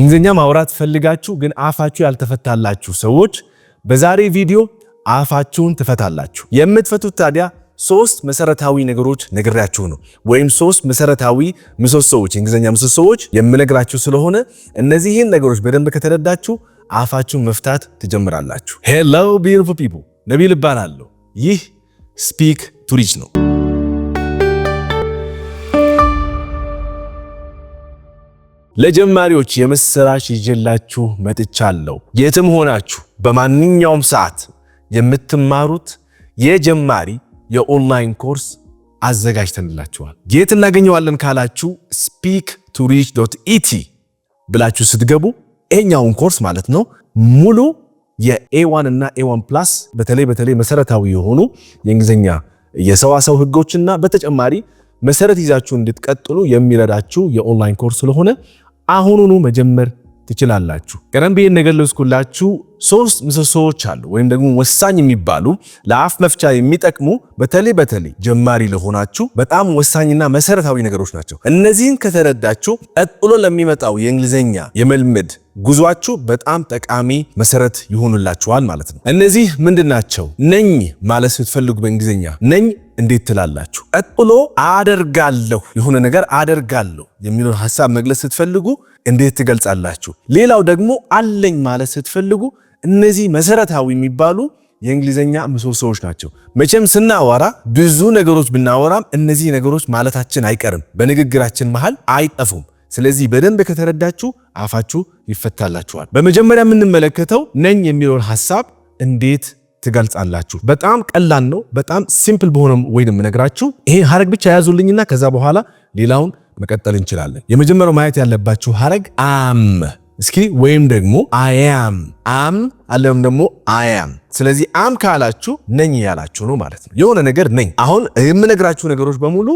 እንግሊዝኛ ማውራት ፈልጋችሁ ግን አፋችሁ ያልተፈታላችሁ ሰዎች በዛሬ ቪዲዮ አፋችሁን ትፈታላችሁ። የምትፈቱት ታዲያ ሶስት መሰረታዊ ነገሮች ነግራችሁ ነው፣ ወይም ሶስት መሰረታዊ ምሰሶዎች፣ እንግሊዝኛ ምሰሶዎች የምነግራችሁ ስለሆነ እነዚህን ነገሮች በደንብ ከተረዳችሁ አፋችሁን መፍታት ትጀምራላችሁ። ሄሎ ቢዩቲፉል ፒፕል ነቢል እባላለሁ። ይህ ስፒክ ቱ ነው። ለጀማሪዎች የምስራች ይዤላችሁ መጥቻለሁ። የትም ሆናችሁ በማንኛውም ሰዓት የምትማሩት የጀማሪ የኦንላይን ኮርስ አዘጋጅተንላችኋል። የት እናገኘዋለን ካላችሁ ስፒክ ቱ ሪች ዶት ኢቲ ብላችሁ ስትገቡ ይሄኛውን ኮርስ ማለት ነው ሙሉ የኤዋን እና ኤዋን ፕላስ በተለይ በተለይ መሰረታዊ የሆኑ የእንግሊዝኛ የሰዋሰው ህጎችና በተጨማሪ መሰረት ይዛችሁ እንድትቀጥሉ የሚረዳችሁ የኦንላይን ኮርስ ስለሆነ አሁኑኑ መጀመር ትችላላችሁ። ቀደም ብዬ እንደገለጽኩላችሁ ሶስት ምሰሶዎች አሉ ወይም ደግሞ ወሳኝ የሚባሉ ለአፍ መፍቻ የሚጠቅሙ በተለይ በተለይ ጀማሪ ለሆናችሁ በጣም ወሳኝና መሰረታዊ ነገሮች ናቸው። እነዚህን ከተረዳችሁ ቀጥሎ ለሚመጣው የእንግሊዝኛ የመልመድ ጉዟችሁ በጣም ጠቃሚ መሰረት ይሆኑላችኋል ማለት ነው። እነዚህ ምንድን ናቸው? ነኝ ማለት ስትፈልጉ በእንግሊዝኛ ነኝ እንዴት ትላላችሁ? ቀጥሎ አደርጋለሁ የሆነ ነገር አደርጋለሁ የሚለውን ሀሳብ መግለጽ ስትፈልጉ እንዴት ትገልጻላችሁ? ሌላው ደግሞ አለኝ ማለት ስትፈልጉ እነዚህ መሰረታዊ የሚባሉ የእንግሊዝኛ ምሰሶዎች ናቸው። መቼም ስናወራ ብዙ ነገሮች ብናወራም እነዚህ ነገሮች ማለታችን አይቀርም፣ በንግግራችን መሃል አይጠፉም። ስለዚህ በደንብ ከተረዳችሁ አፋችሁ ይፈታላችኋል። በመጀመሪያ የምንመለከተው ነኝ የሚለውን ሀሳብ እንዴት ትገልጻላችሁ። በጣም ቀላል ነው። በጣም ሲምፕል በሆነ ወይ የምነግራችሁ ይሄ ሀረግ ብቻ ያዙልኝና ከዛ በኋላ ሌላውን መቀጠል እንችላለን። የመጀመሪያው ማየት ያለባችሁ ሀረግ አም እስኪ ወይም ደግሞ አያም አም አለም ደግሞ አያም። ስለዚህ አም ካላችሁ ነኝ ያላችሁ ነው ማለት ነው። የሆነ ነገር ነኝ። አሁን የምነግራችሁ ነገሮች በሙሉ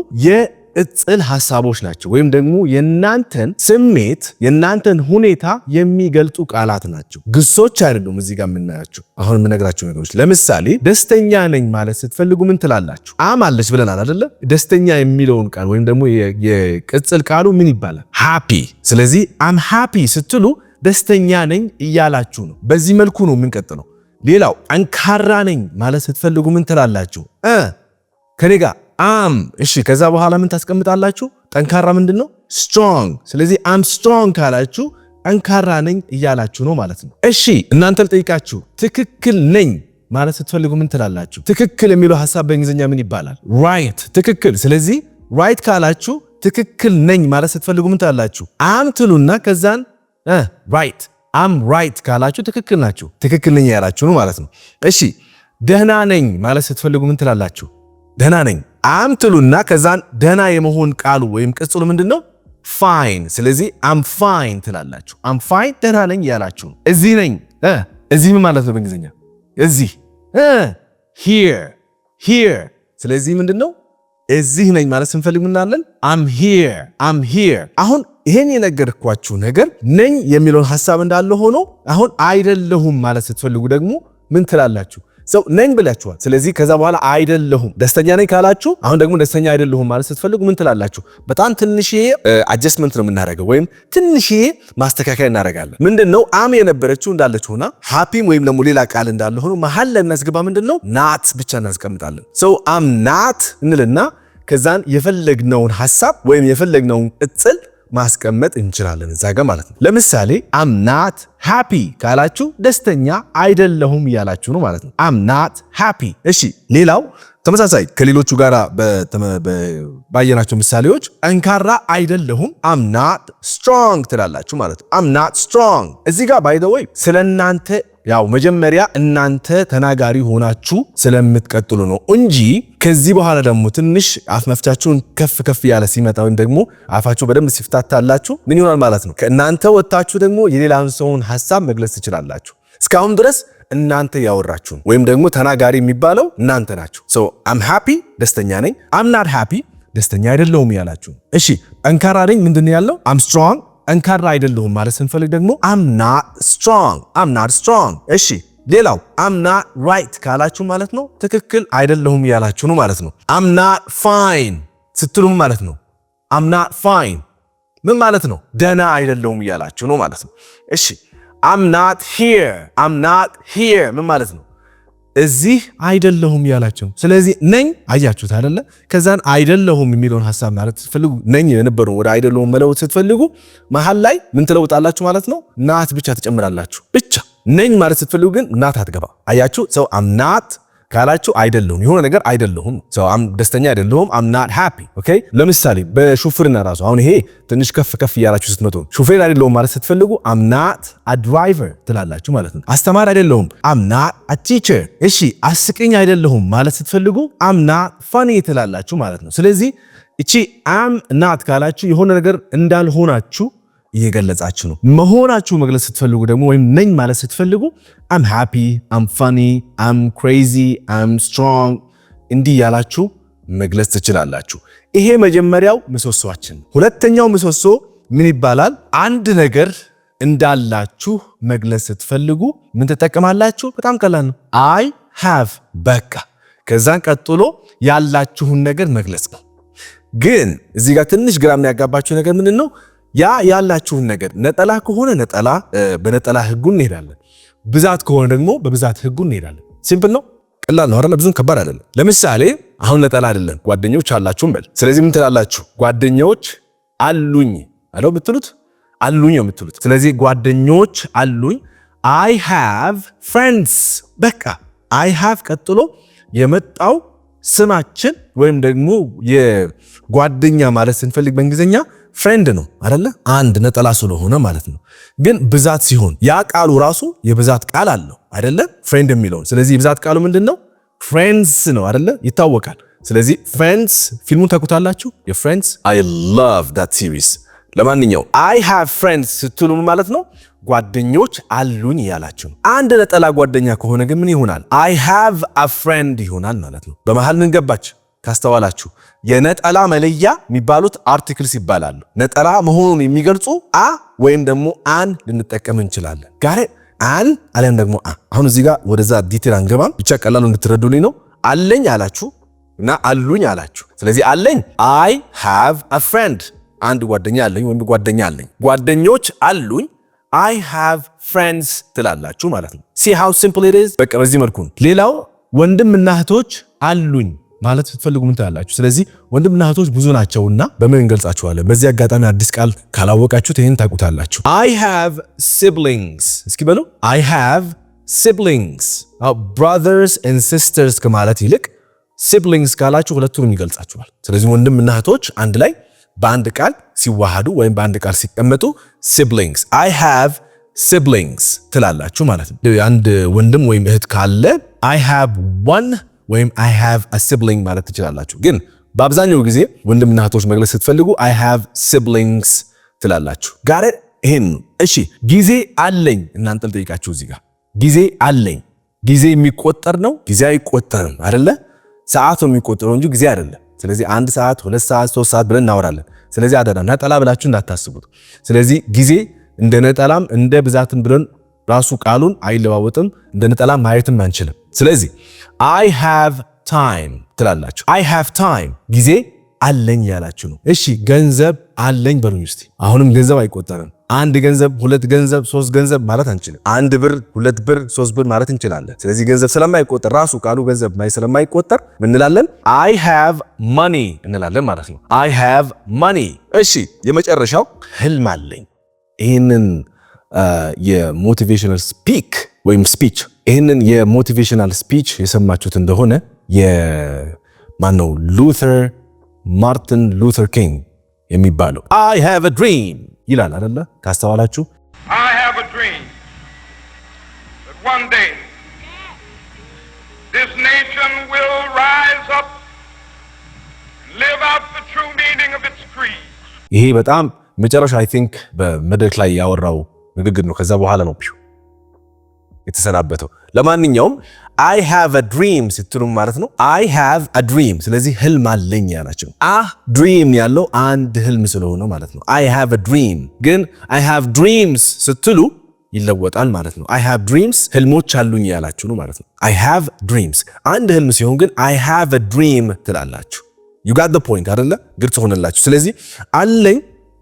ቅጽል ሀሳቦች ናቸው፣ ወይም ደግሞ የእናንተን ስሜት የእናንተን ሁኔታ የሚገልጡ ቃላት ናቸው። ግሶች አይደሉም። እዚህ ጋር የምናያቸው አሁን የምነግራቸው ነገሮች ለምሳሌ ደስተኛ ነኝ ማለት ስትፈልጉ ምን ትላላችሁ? አም አለች ብለናል አደለ? ደስተኛ የሚለውን ቃል ወይም ደግሞ የቅጽል ቃሉ ምን ይባላል? ሃፒ። ስለዚህ አም ሃፒ ስትሉ ደስተኛ ነኝ እያላችሁ ነው። በዚህ መልኩ ነው የምንቀጥለው። ሌላው ጠንካራ ነኝ ማለት ስትፈልጉ ምን ትላላችሁ? ከኔ ጋር አም እሺ፣ ከዛ በኋላ ምን ታስቀምጣላችሁ? ጠንካራ ምንድን ነው? ስትሮንግ። ስለዚህ አም ስትሮንግ ካላችሁ ጠንካራ ነኝ እያላችሁ ነው ማለት ነው። እሺ፣ እናንተ ልጠይቃችሁ፣ ትክክል ነኝ ማለት ስትፈልጉ ምን ትላላችሁ? ትክክል የሚለው ሀሳብ በእንግሊዝኛ ምን ይባላል? ራይት፣ ትክክል። ስለዚህ ራይት ካላችሁ ትክክል ነኝ ማለት ስትፈልጉ ምን ትላላችሁ? አም ትሉና ከዛን ራይት አም ራይት ካላችሁ ትክክል ናችሁ፣ ትክክል ነኝ ያላችሁ ነው ማለት ነው። እሺ፣ ደህና ነኝ ማለት ስትፈልጉ ምን ትላላችሁ? ደህና ነኝ አምትሉና ከዛን ደህና የመሆን ቃሉ ወይም ቅጽሉ ምንድን ነው? ፋይን። ስለዚህ አም ፋይን ትላላችሁ። አም ፋይን ደህና ነኝ ያላችሁ ነው። እዚህ ነኝ። እዚህ ምን ማለት ነው በእንግሊዝኛ? እዚህ ሂር ሂር። ስለዚህ ምንድን ነው እዚህ ነኝ ማለት ስንፈልግ ምናለን? አም ሂር አም ሂር። አሁን ይሄን የነገርኳችሁ ነገር ነኝ የሚለውን ሀሳብ እንዳለ ሆኖ አሁን አይደለሁም ማለት ስትፈልጉ ደግሞ ምን ትላላችሁ? ሰው ነኝ ብላችኋል። ስለዚህ ከዛ በኋላ አይደለሁም ደስተኛ ነኝ ካላችሁ አሁን ደግሞ ደስተኛ አይደለሁም ማለት ስትፈልጉ ምን ትላላችሁ? በጣም ትንሽ አጀስትመንት ነው የምናደርገው ወይም ትንሽ ማስተካከያ እናደርጋለን። ምንድን ነው አም የነበረችው እንዳለች ሆና ሃፒም ወይም ደግሞ ሌላ ቃል እንዳለ ሆኖ መሀል ላይ ምንድን ነው ናት ብቻ እናስቀምጣለን። ሰው አም ናት እንልና ከዛን የፈለግነውን ሀሳብ ወይም የፈለግነውን ቅጽል ማስቀመጥ እንችላለን እዛ ጋር ማለት ነው። ለምሳሌ አምናት ሃፒ ካላችሁ ደስተኛ አይደለሁም እያላችሁ ነው ማለት ነው። አምናት ሃፒ። እሺ ሌላው ተመሳሳይ ከሌሎቹ ጋር ባየናቸው ምሳሌዎች ጠንካራ አይደለሁም አምናት ስትሮንግ ትላላችሁ ማለት ነው። አምናት ስትሮንግ። እዚህ ጋር ባይ ዘ ወይ ስለ እናንተ ያው መጀመሪያ እናንተ ተናጋሪ ሆናችሁ ስለምትቀጥሉ ነው እንጂ ከዚህ በኋላ ደግሞ ትንሽ አፍ መፍቻችሁን ከፍ ከፍ እያለ ሲመጣ ወይም ደግሞ አፋችሁ በደንብ ሲፍታታላችሁ ምን ይሆናል ማለት ነው። ከእናንተ ወጥታችሁ ደግሞ የሌላን ሰውን ሀሳብ መግለጽ ትችላላችሁ። እስካሁን ድረስ እናንተ ያወራችሁን ወይም ደግሞ ተናጋሪ የሚባለው እናንተ ናችሁ። ሶ አም ሃፒ ደስተኛ ነኝ፣ አም ናት ሃፒ ደስተኛ አይደለሁም ያላችሁ። እሺ ጠንካራ ነኝ ምንድን ያለው አም ስትሮንግ ጠንካራ አይደለሁም ማለት ስንፈልግ ደግሞ አም ናት ስትሮንግ አም ናት ስትሮንግ። እሺ ሌላው አም ናት ራይት ካላችሁ ማለት ነው ትክክል አይደለሁም እያላችሁ ነው ማለት ነው። አም ናት ፋይን ስትሉም ማለት ነው አም ናት ፋይን ምን ማለት ነው? ደህና አይደለሁም እያላችሁ ነው ማለት ነው። እሺ አም ናት ሂር አም ናት ሂር ምን ማለት ነው? እዚህ አይደለሁም ያላቸው። ስለዚህ ነኝ አያችሁት አይደለ? ከዛን አይደለሁም የሚለውን ሀሳብ ማለት ስትፈልጉ ነኝ የነበረውን ወደ አይደለሁም መለወጥ ስትፈልጉ መሀል ላይ ምን ትለውጣላችሁ ማለት ነው? ናት ብቻ ትጨምራላችሁ። ብቻ ነኝ ማለት ስትፈልጉ ግን ናት አትገባ። አያችሁ ሰው አምናት ካላችሁ አይደለሁም፣ የሆነ ነገር አይደለሁም፣ ደስተኛ አይደለሁም፣ አም ናት ሃፒ ኦኬ። ለምሳሌ በሹፍርና ራሱ አሁን ይሄ ትንሽ ከፍ ከፍ እያላችሁ ስትመጡ ሹፌር አይደለሁም ማለት ስትፈልጉ አም ናት አድራይቨር ትላላችሁ ማለት ነው። አስተማሪ አይደለሁም፣ አም ናት አቲቸር። እሺ አስቂኝ አይደለሁም ማለት ስትፈልጉ አም ናት ፋኒ ትላላችሁ ማለት ነው። ስለዚህ እቺ አም ናት ካላችሁ የሆነ ነገር እንዳልሆናችሁ እየገለጻችሁ ነው። መሆናችሁ መግለጽ ስትፈልጉ ደግሞ ወይም ነኝ ማለት ስትፈልጉ አም ሃፒ፣ አም ፋኒ፣ አም ክሬዚ፣ አም ስትሮንግ እንዲህ ያላችሁ መግለጽ ትችላላችሁ። ይሄ መጀመሪያው ምሰሶዋችን። ሁለተኛው ምሰሶ ምን ይባላል? አንድ ነገር እንዳላችሁ መግለጽ ስትፈልጉ ምን ትጠቀማላችሁ? በጣም ቀላል ነው። አይ ሃቭ በቃ። ከዛን ቀጥሎ ያላችሁን ነገር መግለጽ ነው። ግን እዚህ ጋር ትንሽ ግራ ያጋባችሁ ነገር ምንድን ነው? ያ ያላችሁን ነገር ነጠላ ከሆነ ነጠላ በነጠላ ህጉ እንሄዳለን። ብዛት ከሆነ ደግሞ በብዛት ህጉ እንሄዳለን። ሲምፕል ነው፣ ቀላል ነው አይደል? ብዙም ከባድ አይደለም። ለምሳሌ አሁን ነጠላ አይደለም ጓደኞች አላችሁም በል። ስለዚህ ምን ትላላችሁ? ጓደኞች አሉኝ አለው የምትሉት አሉኝ ነው የምትሉት። ስለዚህ ጓደኞች አሉኝ አይ ሃቭ ፍሬንድስ። በቃ አይ ሃቭ ቀጥሎ የመጣው ስማችን ወይም ደግሞ የጓደኛ ማለት ስንፈልግ በእንግሊዝኛ ፍሬንድ ነው አይደለ? አንድ ነጠላ ስለሆነ ማለት ነው። ግን ብዛት ሲሆን ያ ቃሉ ራሱ የብዛት ቃል አለው አይደለ? ፍሬንድ የሚለውን ስለዚህ የብዛት ቃሉ ምንድን ነው? ፍሬንድስ ነው አይደለ? ይታወቃል። ስለዚህ ፍሬንድስ ፊልሙን ተኩታላችሁ። የፍሬንድስ አይ ላቭ ዳት ሲሪስ። ለማንኛው አይ ሃቭ ፍሬንድስ ስትሉ ማለት ነው ጓደኞች አሉኝ እያላችሁ ነው። አንድ ነጠላ ጓደኛ ከሆነ ግን ምን ይሆናል? አይ ሃቭ አ ፍሬንድ ይሆናል ማለት ነው። በመሃል ምን ገባች? ካስተዋላችሁ የነጠላ መለያ የሚባሉት አርቲክልስ ይባላሉ። ነጠላ መሆኑን የሚገልጹ አ ወይም ደግሞ አን ልንጠቀም እንችላለን። ጋር አን አሊያም ደግሞ አ። አሁን እዚህ ጋር ወደዛ ዲቴል አንገባም፣ ብቻ ቀላሉ እንድትረዱልኝ ነው። አለኝ አላችሁ እና አሉኝ አላችሁ። ስለዚህ አለኝ አይ ሃቭ አ ፍሬንድ፣ አንድ ጓደኛ አለኝ ወይም ጓደኛ አለኝ። ጓደኞች አሉኝ አይ ሃቭ ፍሬንድስ ትላላችሁ ማለት ነው። ሲ ሃው ሲምፕል ኢት ኢዝ። በቃ በዚህ መልኩ ነው። ሌላው ወንድምና እህቶች አሉኝ ማለት ስትፈልጉ ምን ትላላችሁ? ስለዚህ ወንድምና እህቶች ብዙ ናቸውና በምን እንገልጻችኋለን? በዚህ አጋጣሚ አዲስ ቃል ካላወቃችሁት ይህን ታውቁታላችሁ። አይ ሃቭ ሲብሊንግስ፣ እስኪ በሉ አይ ሃቭ ሲብሊንግስ። ብራዘርስ ኤንድ ሲስተርስ ከማለት ይልቅ ሲብሊንግስ ካላችሁ ሁለቱንም ይገልጻችኋል። ስለዚህ ወንድምና እህቶች አንድ ላይ በአንድ ቃል ሲዋሃዱ ወይም በአንድ ቃል ሲቀመጡ ሲብሊንግስ አይ ሃቭ ሲብሊንግስ ትላላችሁ ማለት ነው። አንድ ወንድም ወይም እህት ካለ አይ ሃቭ ዋን ወይም አይ ሃቭ አ ሲብሊንግ ማለት ትችላላችሁ። ግን በአብዛኛው ጊዜ ወንድምና እህቶች መግለጽ ስትፈልጉ አይ ሃቭ ሲብሊንግስ ትላላችሁ። ጋር ይሄን እሺ፣ ጊዜ አለኝ እናንተን ጠይቃችሁ እዚህ ጋር ጊዜ አለኝ። ጊዜ የሚቆጠር ነው፣ ጊዜ አይቆጠርም አይደለ? ሰዓት ነው የሚቆጠረው እንጂ ጊዜ አይደለም። ስለዚህ አንድ ሰዓት፣ ሁለት ሰዓት፣ ሶስት ሰዓት ብለን እናወራለን። ስለዚህ አደራ ነጠላ ብላችሁ እንዳታስቡት። ስለዚህ ጊዜ እንደ ነጠላም እንደ ብዛትም ብለን ራሱ ቃሉን አይለዋወጥም። እንደ ነጠላ ማየትም አንችልም። ስለዚህ አይ ሃቭ ታይም ትላላችሁ። አይ ሃቭ ታይም ጊዜ አለኝ ያላችሁ ነው። እሺ ገንዘብ አለኝ በሉኝ እስቲ። አሁንም ገንዘብ አይቆጠርም። አንድ ገንዘብ፣ ሁለት ገንዘብ፣ ሶስት ገንዘብ ማለት አንችልም። አንድ ብር፣ ሁለት ብር፣ ሶስት ብር ማለት እንችላለን። ስለዚህ ገንዘብ ስለማይቆጠር ራሱ ቃሉ ገንዘብ ስለማይቆጠር ምን እንላለን? አይ ሃቭ ማኒ እንላለን ማለት ነው። አይ ሃቭ ማኒ። እሺ የመጨረሻው ህልም አለኝ። ይህንን የሞቲቬሽናል ስፒክ ወይም ስፒች ይህንን የሞቲቬሽናል ስፒች የሰማችሁት እንደሆነ የማነው ሉተር ማርቲን ሉተር ኪንግ የሚባለው አይ ሃቭ አ ድሪም ይላል አይደለ ካስተዋላችሁ አይ ሃቭ አ ድሪም that one day this nation will ይሄ በጣም መጨረሻ አይ ቲንክ በመድረክ ላይ ያወራው ንግግር ነው። ከዛ በኋላ ነው የተሰናበተው። ለማንኛውም አይ ሃቭ አ ድሪም ስትሉ ማለት ነው አይ ሃቭ አ ድሪም። ስለዚህ ህልም አለኝ ያላቸው አ ድሪም ያለው አንድ ህልም ስለሆነ ማለት ነው። አይ ሃቭ አ ድሪም። ግን አይ ሃቭ ድሪምስ ስትሉ ይለወጣል ማለት ነው። አይ ሃቭ ድሪምስ ህልሞች አሉኝ ያላችሁ ነው ማለት ነው። አይ ሃቭ ድሪምስ አንድ ህልም ሲሆን ግን አይ ሃቭ አ ድሪም ትላላችሁ። ዩ ጋት ዘ ፖይንት አደለ? ግልጽ ሆነላችሁ። ስለዚህ አለኝ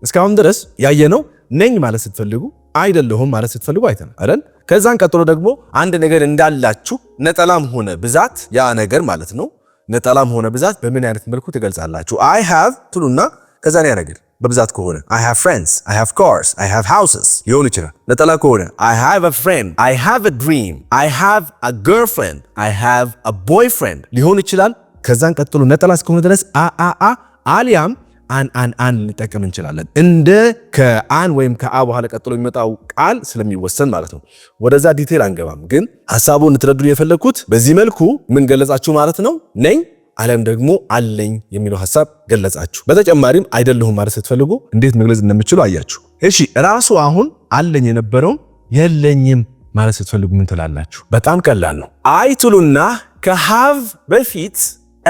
እስካሁን ድረስ ያየነው ነኝ ማለት ስትፈልጉ አይደለሁም ማለት ስትፈልጉ አይተናል አይደል? ከዛን ቀጥሎ ደግሞ አንድ ነገር እንዳላችሁ ነጠላም ሆነ ብዛት ያ ነገር ማለት ነው። ነጠላም ሆነ ብዛት በምን አይነት መልኩ ትገልጻላችሁ? አይ ሃቭ ትሉና ከዛን ያ ነገር በብዛት ከሆነ አይ ሃቭ ፍሬንድስ፣ አይ ሃቭ ካርስ፣ አይ ሃቭ ሃውስስ ሊሆን ይችላል። ነጠላ ከሆነ አይ ሃቭ አ ፍሬንድ፣ አይ ሃቭ አ ድሪም፣ አይ ሃቭ አ ገርልፍሬንድ፣ አይ ሃቭ አ ቦይፍሬንድ ሊሆን ይችላል። ከዛን ቀጥሎ ነጠላ እስከሆነ ድረስ አአአ አሊያም አን አን አን ልንጠቀም እንችላለን። እንደ ከአን ወይም ከአ በኋላ ቀጥሎ የሚመጣው ቃል ስለሚወሰን ማለት ነው። ወደዛ ዲቴል አንገባም፣ ግን ሀሳቡን እንትረዱን የፈለግኩት በዚህ መልኩ ምን ገለጻችሁ ማለት ነው ነኝ አለም ደግሞ አለኝ የሚለው ሀሳብ ገለጻችሁ። በተጨማሪም አይደለሁም ማለት ስትፈልጉ እንዴት መግለጽ እንደምችሉ አያችሁ። እሺ ራሱ አሁን አለኝ የነበረውም የለኝም ማለት ስትፈልጉ ምን ትላላችሁ? በጣም ቀላል ነው። አይ ትሉና ከሃቭ በፊት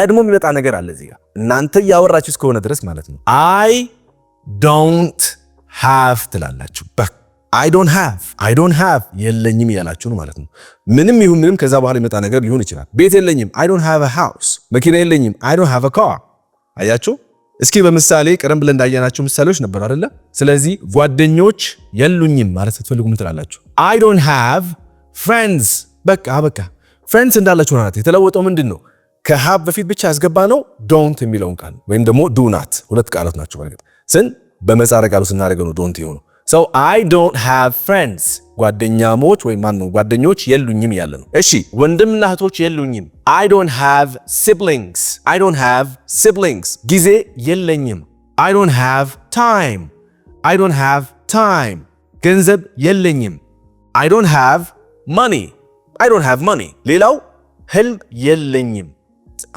ቀድሞ የሚመጣ ነገር አለ እዚህ ጋር እናንተ እያወራችሁ እስከሆነ ድረስ ማለት ነው። አይ ዶንት ሃቭ ትላላችሁ። አይ ዶንት ሃቭ አይ ዶንት ሃቭ የለኝም እያላችሁ ነው ማለት ነው። ምንም ይሁን ምንም ከዛ በኋላ የሚመጣ ነገር ሊሆን ይችላል። ቤት የለኝም፣ አይ ዶንት ሃቭ ሃውስ። መኪና የለኝም፣ አይ ዶንት ሃቭ ካር። አያችሁ እስኪ በምሳሌ ቀደም ብለን እንዳየናቸው ምሳሌዎች ነበሩ አይደለ? ስለዚህ ጓደኞች የሉኝም ማለት ስትፈልጉም ትላላችሁ። አይ ዶንት ሃቭ ፍሬንድስ። በቃ በቃ ፍሬንድስ እንዳላችሁ ናት። የተለወጠው ምንድን ነው ከሃብ በፊት ብቻ ያስገባ ነው ዶንት የሚለውን ቃል ወይም ደግሞ ዱናት ሁለት ቃላት ናቸው። በእርግጥ ስን በመጻረ ቃሉ ስናደርገው ነው ዶንት የሆነው። ሰው አይ ዶንት ሃቭ ፍሬንድስ ጓደኛሞች ወይም ማን ነው ጓደኞች የሉኝም ያለ ነው። እሺ ወንድምና እህቶች የሉኝም። አይ ዶንት ሃቭ ሲብሊንግስ አይ ዶንት ሃቭ ሲብሊንግስ ጊዜ የለኝም። አይ ዶንት ሃቭ ታይም አይ ዶንት ሃቭ ታይም ገንዘብ የለኝም። አይ ዶንት ሃቭ ማኒ አይ ዶንት ሃቭ ማኒ ሌላው ህልም የለኝም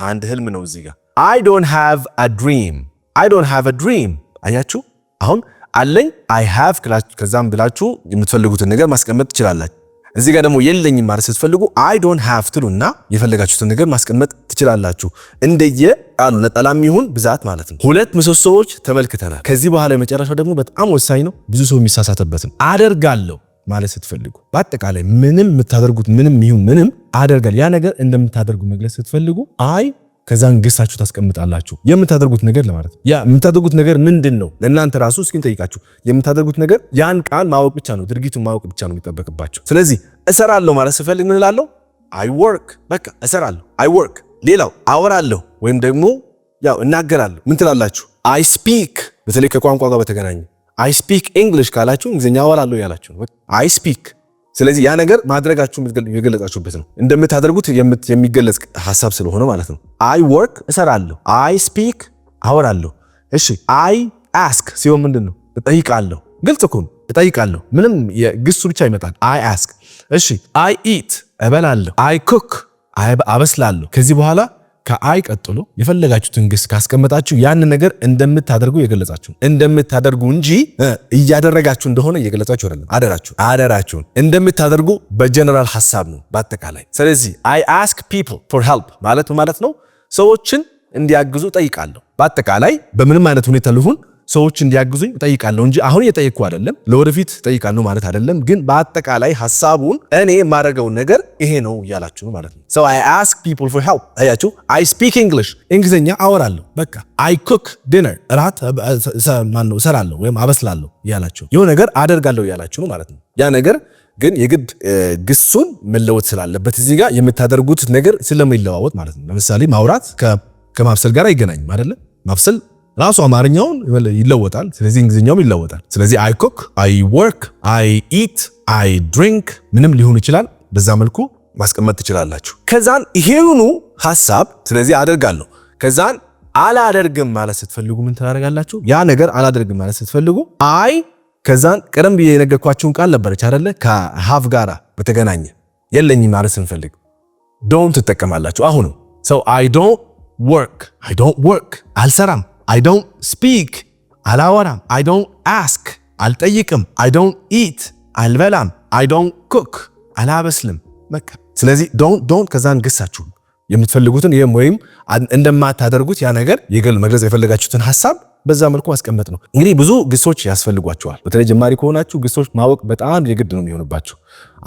አንድ ህልም ነው እዚህ ጋር። አይ ዶንት ሃቭ አ ድሪም አይ ዶንት ሃቭ አ ድሪም። አያችሁ አሁን አለኝ አይ ሃቭ ከዛም ብላችሁ የምትፈልጉትን ነገር ማስቀመጥ ትችላላችሁ። እዚህ ጋር ደግሞ የለኝም ማለት ስትፈልጉ አይ ዶንት ሃቭ ትሉና የፈለጋችሁትን ነገር ማስቀመጥ ትችላላችሁ። እንደየ ቃሉ ነጠላም ይሁን ብዛት ማለት ነው። ሁለት ምሰሶዎች ተመልክተናል። ከዚህ በኋላ የመጨረሻው ደግሞ በጣም ወሳኝ ነው፣ ብዙ ሰው የሚሳሳትበት አደርጋለሁ ማለት ስትፈልጉ በአጠቃላይ ምንም የምታደርጉት ምንም ይሁን ምንም አደርጋል ያ ነገር እንደምታደርጉ መግለጽ ስትፈልጉ አይ ከዛን ግሳችሁ ታስቀምጣላችሁ። የምታደርጉት ነገር ለማለት ያ የምታደርጉት ነገር ምንድን ነው? ለእናንተ ራሱ እስኪን ጠይቃችሁ የምታደርጉት ነገር ያን ቃል ማወቅ ብቻ ነው፣ ድርጊቱን ማወቅ ብቻ ነው የሚጠበቅባቸው። ስለዚህ እሰራለሁ ማለት ስፈልግ ምን እላለሁ? አይ ወርክ። በቃ እሰራለሁ፣ አይ ወርክ። ሌላው አወራለሁ ወይም ደግሞ ያው እናገራለሁ ምን ትላላችሁ? አይ ስፒክ። በተለይ ከቋንቋ ጋር በተገናኘ አይ ስፒክ ኢንግሊሽ ካላችሁ እንግሊዝኛ አወራለሁ ያላችሁ ነው። አይ ስፒክ ስለዚህ ያ ነገር ማድረጋችሁ የገለጻችሁበት ነው። እንደምታደርጉት የሚገለጽ ሀሳብ ስለሆነ ማለት ነው። አይ ወርክ እሰራለሁ፣ አይ ስፒክ አወራለሁ። እሺ አይ አስክ ሲሆን ምንድን ነው? እጠይቃለሁ። ግልጽ እኮ ነው። እጠይቃለሁ ምንም ግሱ ብቻ ይመጣል። አይ አስክ። እሺ አይ ኢት እበላለሁ፣ አይ ኩክ አበስላለሁ። ከዚህ በኋላ ከአይ ቀጥሎ የፈለጋችሁትን ግስ ካስቀመጣችሁ ያን ነገር እንደምታደርጉ የገለጻችሁ እንደምታደርጉ እንጂ እያደረጋችሁ እንደሆነ እየገለጻችሁ አይደለም። አደራችሁ አደራችሁን እንደምታደርጉ በጀነራል ሀሳብ ነው በአጠቃላይ። ስለዚህ አይ አስክ ፒፕል ፎር ሄልፕ ማለት ማለት ነው ሰዎችን እንዲያግዙ ጠይቃለሁ። በአጠቃላይ በምንም አይነት ሁኔታ ልሁን ሰዎች እንዲያግዙኝ እጠይቃለሁ እንጂ አሁን እየጠየቅኩ አይደለም፣ ለወደፊት እጠይቃለሁ ማለት አይደለም። ግን በአጠቃላይ ሀሳቡን እኔ የማደረገውን ነገር ይሄ ነው እያላችሁ ማለት ነው። ሰው አይ አስክ ፒፕል ፎር ሄልፕ አያችሁ። አይ ስፒክ እንግሊሽ እንግሊዝኛ አወራለሁ። በቃ አይ ኩክ ዲነር እራት ማነው እሰራለሁ ወይም አበስላለሁ እያላችሁ የሆነ ነገር አደርጋለሁ እያላችሁ ነው ማለት ነው። ያ ነገር ግን የግድ ግሱን መለወጥ ስላለበት እዚህ ጋር የምታደርጉት ነገር ስለሚለዋወጥ ማለት ነው። ለምሳሌ ማውራት ከማብሰል ጋር አይገናኝም አይደለም ማብሰል ራሱ አማርኛውን ይለወጣል። ስለዚህ እንግሊዝኛውም ይለወጣል። ስለዚህ አይ ኮክ፣ አይ ወርክ፣ አይ ኢት፣ አይ ድሪንክ ምንም ሊሆን ይችላል። በዛ መልኩ ማስቀመጥ ትችላላችሁ። ከዛን ይሄኑ ሀሳብ ስለዚህ አደርጋለሁ ከዛን አላደርግም ማለት ስትፈልጉ ምን ታደርጋላችሁ? ያ ነገር አላደርግም ማለት ስትፈልጉ አይ ከዛን ቀደም ብዬ የነገርኳችሁን ቃል ነበረች አይደለ? ከሃቭ ጋራ በተገናኘ የለኝም ማለት ስንፈልግ ዶንት ትጠቀማላችሁ። አሁንም ሰው አይ ዶንት ወርክ፣ አይ ዶንት ወርክ አልሰራም አይ ዶንት ስፒክ አላወራም። አይ ዶንት አስክ አልጠይቅም። አይ ዶንት ኢት አልበላም። አይ ዶንት ኩክ አላበስልም። መካ ስለዚህ ዶንት ዶንት ከዛ ግሳችሁ የምትፈልጉትን ይህም ወይም እንደማታደርጉት ያ ነገር የገል መግለጽ የፈለጋችሁትን ሀሳብ በዛ መልኩ ማስቀመጥ ነው። እንግዲህ ብዙ ግሶች ያስፈልጓቸዋል። በተለይ ጀማሪ ከሆናችሁ ግሶች ማወቅ በጣም የግድ ነው የሚሆንባችሁ።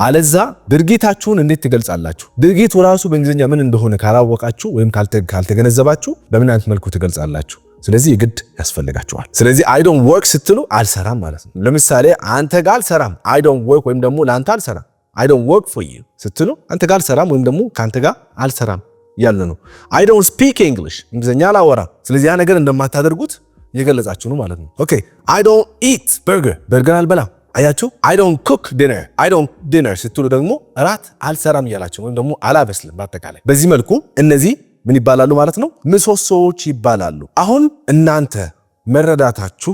አለዛ ድርጊታችሁን እንዴት ትገልጻላችሁ? ድርጊቱ ራሱ በእንግሊዝኛ ምን እንደሆነ ካላወቃችሁ ወይም ካልተገነዘባችሁ በምን አይነት መልኩ ትገልጻላችሁ? ስለዚህ ግድ ያስፈልጋቸዋል። ስለዚህ አይ ዶንት ወርክ ስትሉ አልሰራም ማለት ነው። ለምሳሌ አንተ ጋር አልሰራም፣ አይ ዶንት ወርክ ወይም ደግሞ ለአንተ አልሰራም፣ አይ ዶንት ወርክ ፎር ዩ ስትሉ አንተ ጋር አልሰራም ወይም ደግሞ ከአንተ ጋር አልሰራም ያለ ነው። አይ ዶንት ስፒክ እንግሊሽ እንግሊዝኛ አላወራም። ስለዚህ ያ ነገር እንደማታደርጉት የገለጻችሁ ነው ማለት ነው። ኦኬ አይ ዶንት ኢት በርገር በርገር አልበላም አያችሁ። አይ ዶንት ኩክ ዲነር አይ ዶንት ዲነር ስትሉ ደግሞ እራት አልሰራም እያላችሁ ወይም ደግሞ አላበስልም። በአጠቃላይ በዚህ መልኩ እነዚህ ምን ይባላሉ ማለት ነው? ምሰሶዎች ይባላሉ። አሁን እናንተ መረዳታችሁ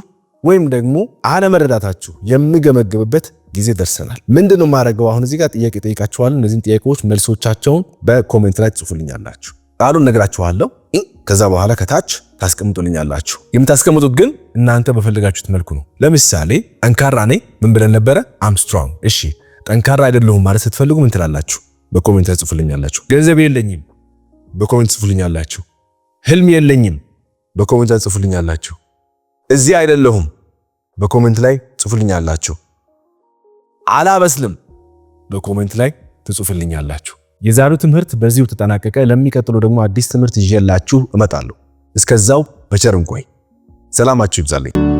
ወይም ደግሞ አለመረዳታችሁ የምገመግብበት ጊዜ ደርሰናል። ምንድን ነው የማደርገው? አሁን እዚህ ጋር ጥያቄ ጠይቃችኋለሁ። እነዚህን ጥያቄዎች መልሶቻቸውን በኮሜንት ላይ ጽፉልኛላችሁ። ቃሉን ነግራችኋለሁ። ከዛ በኋላ ከታች ታስቀምጡልኛላችሁ። የምታስቀምጡት ግን እናንተ በፈለጋችሁት መልኩ ነው። ለምሳሌ ጠንካራ ነኝ ምን ብለን ነበረ? አምስትሮንግ። እሺ ጠንካራ አይደለሁም ማለት ስትፈልጉ ምን ትላላችሁ? በኮሜንት ላይ ጽፉልኛላችሁ። ገንዘብ የለኝም በኮሜንት ጽፉልኛላችሁ። ህልም የለኝም በኮሜንት ጽፉልኛላችሁ። እዚህ አይደለሁም በኮሜንት ላይ ጽፉልኛላችሁ። አላበስልም በኮሜንት ላይ ትጽፉልኛላችሁ። የዛሬው ትምህርት በዚሁ ተጠናቀቀ። ለሚቀጥለው ደግሞ አዲስ ትምህርት ይዤላችሁ እመጣለሁ። እስከዛው በቸርም ቆይ። ሰላማችሁ ይብዛልኝ።